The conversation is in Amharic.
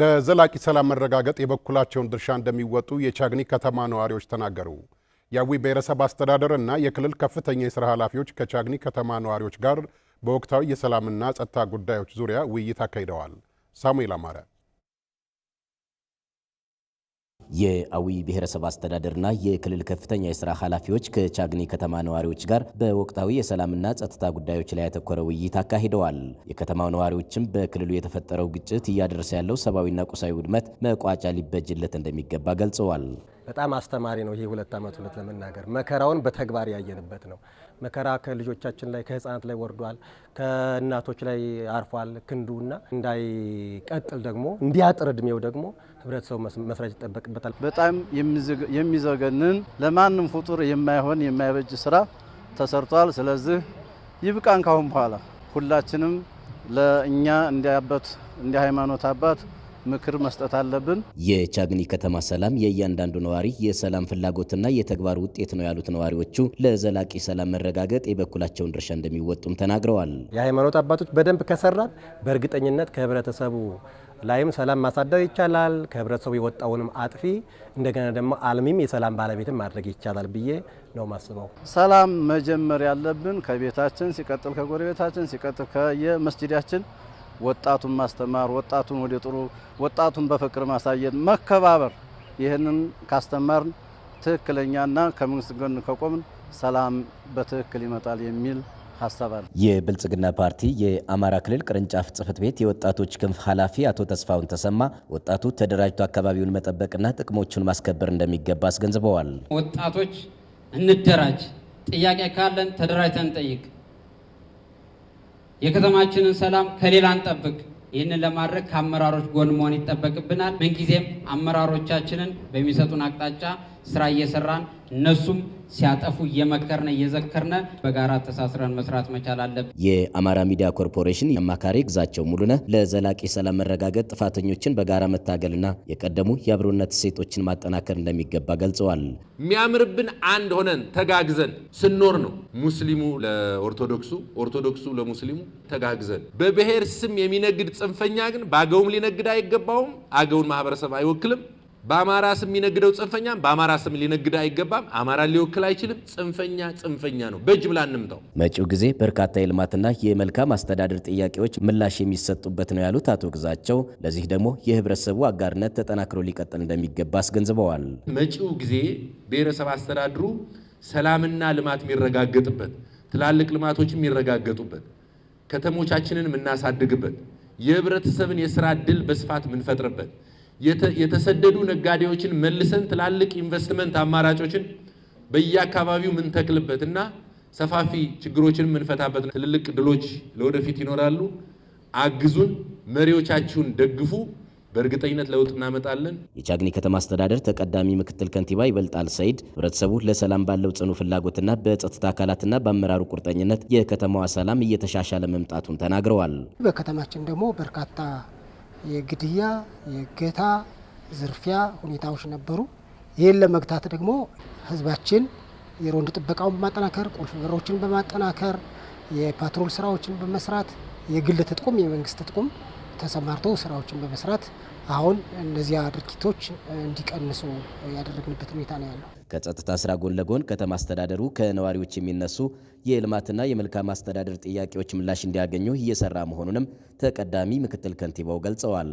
ለዘላቂ ሰላም መረጋገጥ የበኩላቸውን ድርሻ እንደሚወጡ የቻግኒ ከተማ ነዋሪዎች ተናገሩ። የአዊ ብሔረሰብ አስተዳደር እና የክልል ከፍተኛ የሥራ ኃላፊዎች ከቻግኒ ከተማ ነዋሪዎች ጋር በወቅታዊ የሰላምና ጸጥታ ጉዳዮች ዙሪያ ውይይት አካሂደዋል። ሳሙኤል አማረ የአዊ ብሔረሰብ አስተዳደርና የክልል ከፍተኛ የስራ ኃላፊዎች ከቻግኒ ከተማ ነዋሪዎች ጋር በወቅታዊ የሰላምና ጸጥታ ጉዳዮች ላይ ያተኮረ ውይይት አካሂደዋል። የከተማው ነዋሪዎችም በክልሉ የተፈጠረው ግጭት እያደረሰ ያለው ሰብአዊና ቁሳዊ ውድመት መቋጫ ሊበጅለት እንደሚገባ ገልጸዋል። በጣም አስተማሪ ነው። ይሄ ሁለት ዓመት ሁለት ለመናገር መከራውን በተግባር ያየንበት ነው። መከራ ከልጆቻችን ላይ ከህፃናት ላይ ወርዷል፣ ከእናቶች ላይ አርፏል። ክንዱና እንዳይቀጥል ደግሞ እንዲያጥር እድሜው ደግሞ ህብረተሰቡ መስራት ይጠበቅበታል። በጣም የሚዘገንን ለማንም ፍጡር የማይሆን የማይበጅ ስራ ተሰርቷል። ስለዚህ ይብቃን። ካሁን በኋላ ሁላችንም ለእኛ እንዲያበት እንዲ ሃይማኖት አባት ምክር መስጠት አለብን። የቻግኒ ከተማ ሰላም የእያንዳንዱ ነዋሪ የሰላም ፍላጎትና የተግባር ውጤት ነው ያሉት ነዋሪዎቹ ለዘላቂ ሰላም መረጋገጥ የበኩላቸውን ድርሻ እንደሚወጡም ተናግረዋል። የሃይማኖት አባቶች በደንብ ከሰራን በእርግጠኝነት ከህብረተሰቡ ላይም ሰላም ማሳደር ይቻላል። ከህብረተሰቡ የወጣውንም አጥፊ እንደገና ደግሞ አልሚም የሰላም ባለቤትም ማድረግ ይቻላል ብዬ ነው ማስበው። ሰላም መጀመር ያለብን ከቤታችን፣ ሲቀጥል ከጎረቤታችን፣ ሲቀጥል ከየመስጅዳችን ወጣቱን ማስተማር፣ ወጣቱን ወደ ጥሩ ወጣቱን በፍቅር ማሳየት፣ መከባበር ይህንን ካስተማርን ትክክለኛና ከመንግስት ጎን ከቆምን ሰላም በትክክል ይመጣል የሚል ሀሳብ የብልጽግና ፓርቲ የአማራ ክልል ቅርንጫፍ ጽህፈት ቤት የወጣቶች ክንፍ ኃላፊ አቶ ተስፋውን ተሰማ ወጣቱ ተደራጅቶ አካባቢውን መጠበቅና ጥቅሞቹን ማስከበር እንደሚገባ አስገንዝበዋል። ወጣቶች እንደራጅ፣ ጥያቄ ካለን ተደራጅተን እንጠይቅ የከተማችንን ሰላም ከሌላ አንጠብቅ። ይህንን ለማድረግ ከአመራሮች ጎን መሆን ይጠበቅብናል። ምንጊዜም አመራሮቻችንን በሚሰጡን አቅጣጫ ስራ እየሰራን እነሱም ሲያጠፉ እየመከርነ እየዘከርነ በጋራ ተሳስረን መስራት መቻል አለብን። የአማራ ሚዲያ ኮርፖሬሽን አማካሪ ግዛቸው ሙሉነ ለዘላቂ ሰላም መረጋገጥ ጥፋተኞችን በጋራ መታገልና የቀደሙ የአብሮነት እሴቶችን ማጠናከር እንደሚገባ ገልጸዋል። የሚያምርብን አንድ ሆነን ተጋግዘን ስኖር ነው። ሙስሊሙ ለኦርቶዶክሱ፣ ኦርቶዶክሱ ለሙስሊሙ ተጋግዘን። በብሔር ስም የሚነግድ ጽንፈኛ ግን በአገውም ሊነግድ አይገባውም። አገውን ማህበረሰብ አይወክልም። በአማራ ስም የሚነግደው ጽንፈኛም በአማራ ስም ሊነግድ አይገባም። አማራ ሊወክል አይችልም። ጽንፈኛ ጽንፈኛ ነው፣ በጅምላ እንምታው። መጪው ጊዜ በርካታ የልማትና የመልካም አስተዳደር ጥያቄዎች ምላሽ የሚሰጡበት ነው ያሉት አቶ ግዛቸው፣ ለዚህ ደግሞ የህብረተሰቡ አጋርነት ተጠናክሮ ሊቀጥል እንደሚገባ አስገንዝበዋል። መጪው ጊዜ ብሔረሰብ አስተዳድሩ ሰላምና ልማት የሚረጋገጥበት፣ ትላልቅ ልማቶች የሚረጋገጡበት፣ ከተሞቻችንን የምናሳድግበት፣ የህብረተሰብን የስራ እድል በስፋት የምንፈጥርበት የተሰደዱ ነጋዴዎችን መልሰን ትላልቅ ኢንቨስትመንት አማራጮችን በየአካባቢው ምንተክልበት እና ሰፋፊ ችግሮችን ምንፈታበት ትልልቅ ድሎች ለወደፊት ይኖራሉ። አግዙን፣ መሪዎቻችሁን ደግፉ። በእርግጠኝነት ለውጥ እናመጣለን። የቻግኒ ከተማ አስተዳደር ተቀዳሚ ምክትል ከንቲባ ይበልጣል ሰይድ ህብረተሰቡ ለሰላም ባለው ጽኑ ፍላጎትና በጸጥታ አካላትና በአመራሩ ቁርጠኝነት የከተማዋ ሰላም እየተሻሻለ መምጣቱን ተናግረዋል። በከተማችን ደግሞ በርካታ የግድያ፣ የእገታ፣ ዝርፊያ ሁኔታዎች ነበሩ። ይህን ለመግታት ደግሞ ህዝባችን የሮንድ ጥበቃውን በማጠናከር ቁልፍ በሮችን በማጠናከር የፓትሮል ስራዎችን በመስራት የግል ትጥቁም የመንግስት ትጥቁም ተሰማርተው ስራዎችን በመስራት አሁን እነዚያ ድርጊቶች እንዲቀንሱ ያደረግንበት ሁኔታ ነው ያለው። ከጸጥታ ስራ ጎን ለጎን ከተማ አስተዳደሩ ከነዋሪዎች የሚነሱ የልማትና የመልካም አስተዳደር ጥያቄዎች ምላሽ እንዲያገኙ እየሰራ መሆኑንም ተቀዳሚ ምክትል ከንቲባው ገልጸዋል።